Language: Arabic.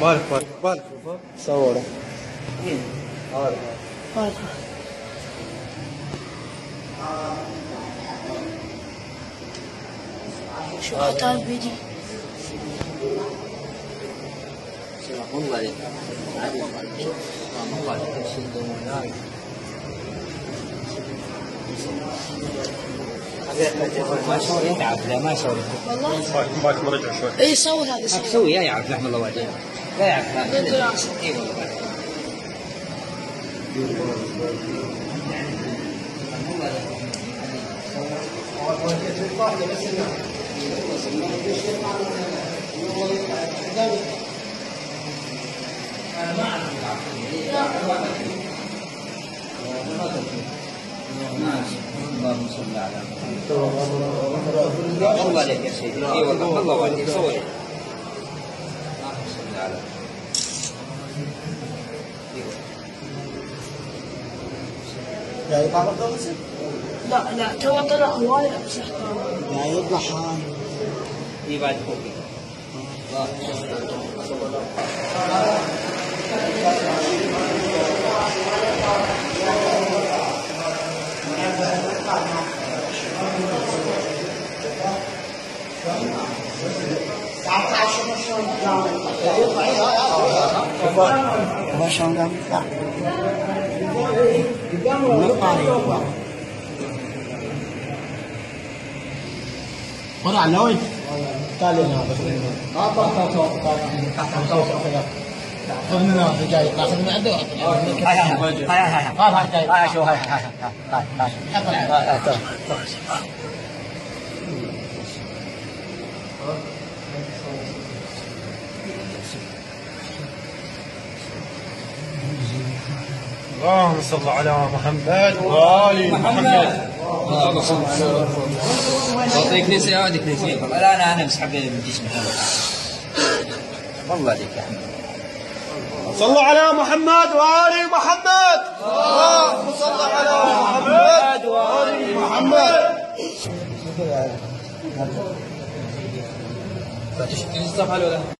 بارك بارك بارك صوره مين؟ عارف عارف شو قطع الفيديو الله عليك والله عليك ما يصور عبد الله ما يصور والله ما يصور رجع شوي اي صور هذا صور يا عبد رحم الله وجهه لا يعرف هذا الله أنا ما أعرف العقيدة، لا الله أعرف اللهم صل على محمد. الله عليك يا سيدي، أيوه الله الله الله الله الله الله الله الله الله الله عليك، صور. là Đợi ba bắt sih? لا لا تو طلع هواي أمسح لا يطلع هاي دي بعد فوق Thank you ba sao đâu cả nước ba đi có đoạn thôi ta lên nào đó ba sao sao sao sao sao sao sao không nữa thì chạy là không nữa được hai hai hai hai hai hai hai chạy hai hai hai hai hai hai hai hai hai hai اللهم صل على محمد وآل محمد تعطي كنيسة هذه كنيسة لا أنا أنا مسحب والله عليك يا صلوا على محمد وآل محمد اللهم صل على محمد وآل محمد الصفحة ولا